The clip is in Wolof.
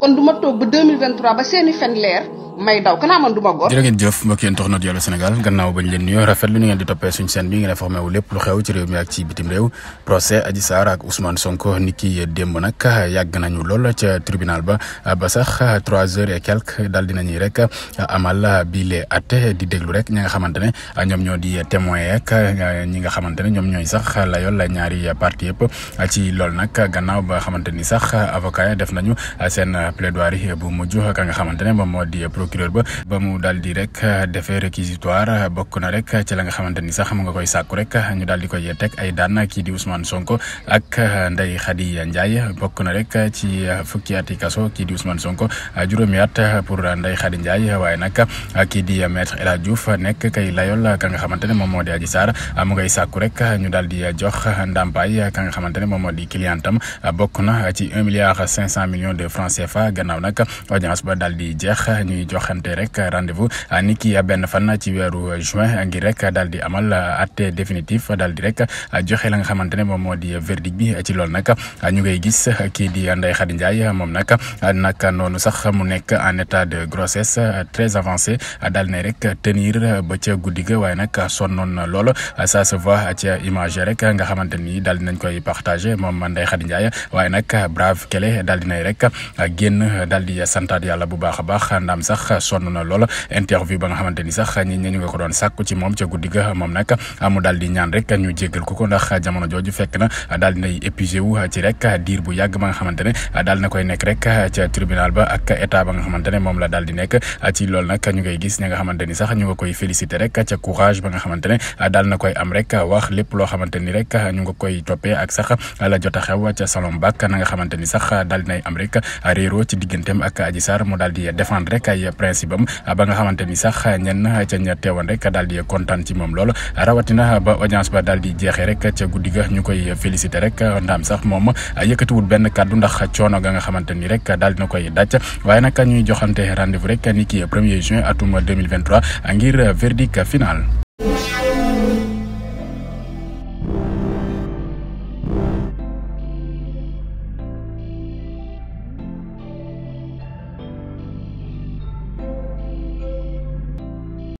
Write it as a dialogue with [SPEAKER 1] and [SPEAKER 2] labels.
[SPEAKER 1] kon du ma toog ba 2023 ba seeni fen leer may daw kanaa man du ma góor. jërë jëf mbokk yéen toxnat Allô Sénégal gannaaw bañ leen nuyoo rafet lu ñu ngeen di toppee suñu chaîne bi ngeen informé wu lépp lu xew ci réew mi ak ci bitim rew procès aji Sarr ak Ousmane Sonko ni ki démb nag yàgg nañu lool ca tribunal ba ba sax trois heures et quelque daal dinañuy rek amal bii lee atte di déglu rek ñi nga xamante ne ñoom ñoo di témoin ñi nga xamante ne ñoom ñooy sax la yool la ñaari parti yëpp ci loolu nag gannaaw ba xamante ni sax avocat def nañu plaidoirie bu mujj ka nga xamante ne moom moo procureur ba mu daal di rek defee réquisitoire bokk na rek ci nga xamante ni sax mu nga koy sàkku rek ñu daal di koy teg ay daan kii di Ousmane Sonko ak Ndeye Khady Ndiaye bokk na rek ci fukki ati kaso kii di Ousmane Sonko juróomi at pour Ndeye Khady Ndiaye waaye nag kii di maître a Hadj Diouf nekk kay layol ka nga xamante ne moom moo di Adji Sarr mu ngay sàkku rek ñu daal di jox ndàmpaay ka nga xamante ne moom moo di clientam bokk na ci un milliard cinq cent millions fa gannaaw nag audience ba daal di jeex ñuy joxante rek rendez-vous ni ki benn fan ci weeru juin ngir rek daal di amal atte définitif daal di rek joxe la nga xamante ne moom moo di verdict bi ci loolu nag ñu ngay gis kii di Ndeye Khady Ndiaye moom nag nag noonu sax mu nekk en état de grossesse très avancé daal ne rek tenir ba ca guddi waaye nag sonnoon na lool ça se voit ci rek nga xamante ni daal dinañ koy partagé moom Ndeye Khady Ndiaye waaye nag brave kele daal dinay rek génn daal di santaat yàlla bu baax a baax ndaam sax sonn na lool interview ba nga xamante ni sax ñi ñu nga ko doon sàkku ci moom ca guddi ga moom nag mu daal di ñaan rek ñu jéggal ko ko ndax jamono jooju fekk na daal di nay épuisé wu ci rek diir nga xamante ne daal na koy nekk rek ca tribunal ba ak état ba nga xamante ne moom la daal di nekk ci loolu nag ñu ngay gis ñi nga xamante ni sax ñu nga koy félicité rek ca courage ba nga xamante ne daal na koy am rek wax lép loo xamante ni rek ñu nga koy toppee ak sax la jot a xew ca salon bak na nga xamante ni sax daal di nay am rek réeru vidéo ci digganteem ak aji Sarr mu daal di défendre rek ay principe ba nga xamante ni sax ñenn ca ña teewoon rek daal di kontaan ci moom lool rawatina ba audience ba daal di jeexee rek ca guddi ga ñu koy félicité rek ndaam sax moom a yëkkatiwul benn kàddu ndax coono ga nga xamante ni rek dal dina koy dàcc waaye nag ñuy joxante rendez-vous rek ni ki premier juin atum 2023 ngir verdict final